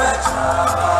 fetch.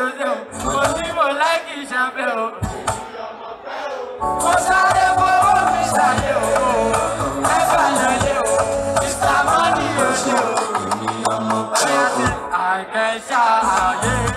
ṣàbẹ̀wò kò sí mo láìkì ṣàbẹ̀wò mo sáré fowó mi ṣàyẹ̀wò ẹ̀fà lọ́lẹ̀ o Mr. Money yóò ṣe o ọ̀yà ti àkẹ́ṣà ayé.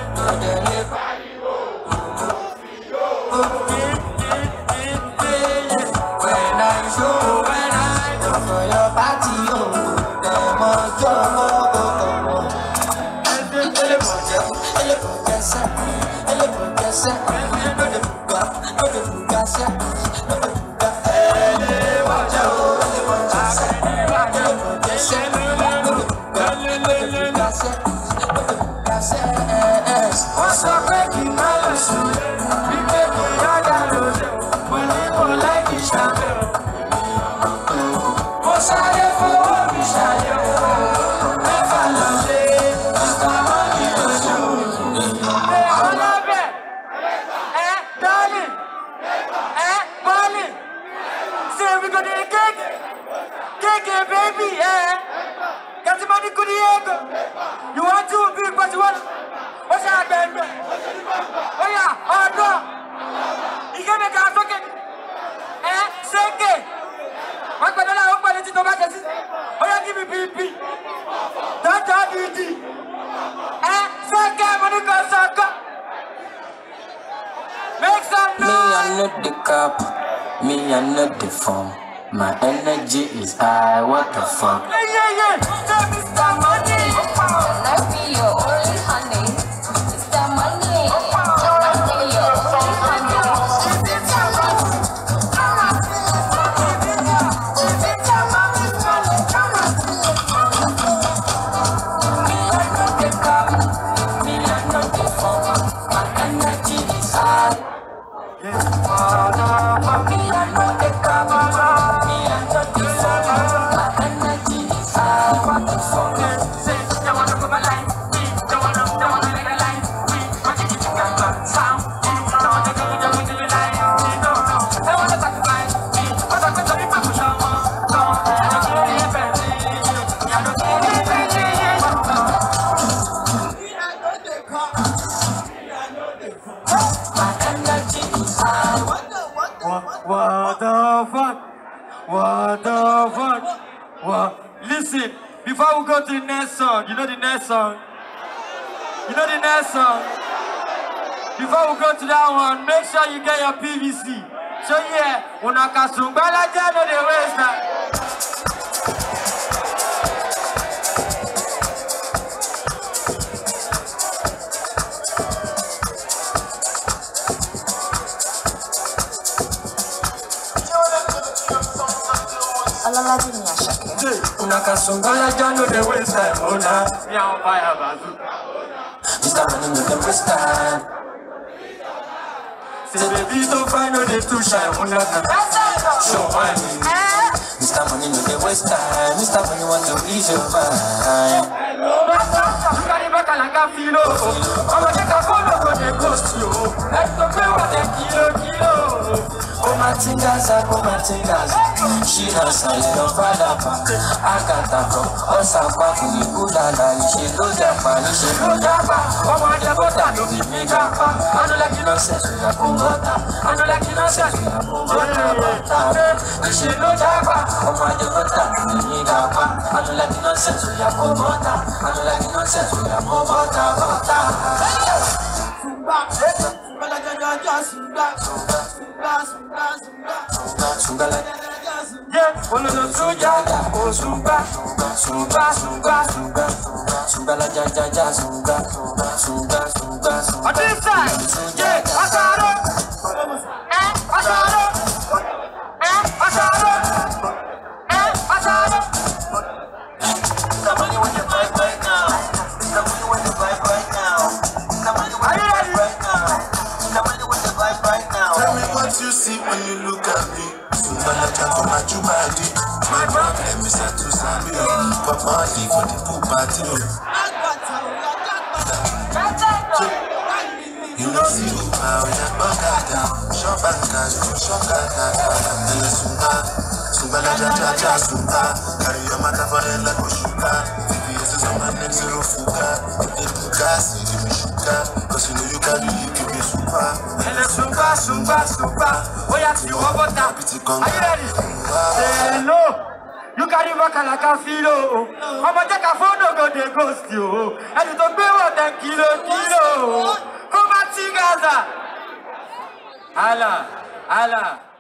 Bali! Eh, Bali! Say we got the cake! Cake, eh, baby, eh! Get the money, good You want to be, but you want... What's happening? not the cup, me I not the phone. My energy is high, what the fuck? What the fuck? What the fuck? What? Listen, before we go to the next song, you know the next song? You know the next song? Before we go to that one, make sure you get your PVC. So yeah, when I can soon, but I don't know the waste starting in Asake. waste time, Mr. Money no dey waste time. Mr. Money no waste time. Mr. Money want to Ease your mind. Hello kalanga filo ọmọdé kan kó lóko dé kó sí o ẹni tó gbé wọlé kìlọ̀ kìlọ̀. Omatingaza, Omatingaza, she has a little father, Akatako, Osapa, Kudala, she knows that man, she knows that man, Omadabota, no Mikapa, Anulakino says, Kumota, Anulakino says, Kumota, she knows that over the gutter, we need a ban I don't like the nonsense, we have go butter I don't like the nonsense, we have go butter, butter Zumba, Zumba, la ja ja ja Zumba, Zumba, Zumba, Zumba, Zumba Zumba, la ja ja ja Zumba Yeah, one of the two jaga, oh Zumba Zumba, Zumba, Zumba Zumba, la ja ja ja Zumba, Zumba, Zumba, Zumba On this side fi kọ̀dé kó bá tí o. Iná sí o bá ọ̀yà gbọ́gàdà, ṣọ́ba kàdà, ṣọ́ka kàdà, ẹlẹ́ sùnbà, sùnbà lájájájá sùnbà, kàríyọ̀ mátàfáyé lẹ́kọ̀ọ́ ṣùgbà, fífi ẹsẹ̀ sọ́mà ní zero fúgà, ìdẹ́kùn gáàsì ìdìbò ṣùgbà, kọ̀sìnà yóò be ìdìbò ṣùgbà. Ẹlẹ́ sùnbà sùnbà sùnbà, ó yà tí wọ́n bọ́ta, ayé rẹ̀ rí. Ṣèlú. you lukari mọ́kànláka fílò o ọmọ jẹ́ka fóònù ògòdè gòsì you, and you don't pay one kìlò kilo kilo. Come má ti gaza. Allah Allah.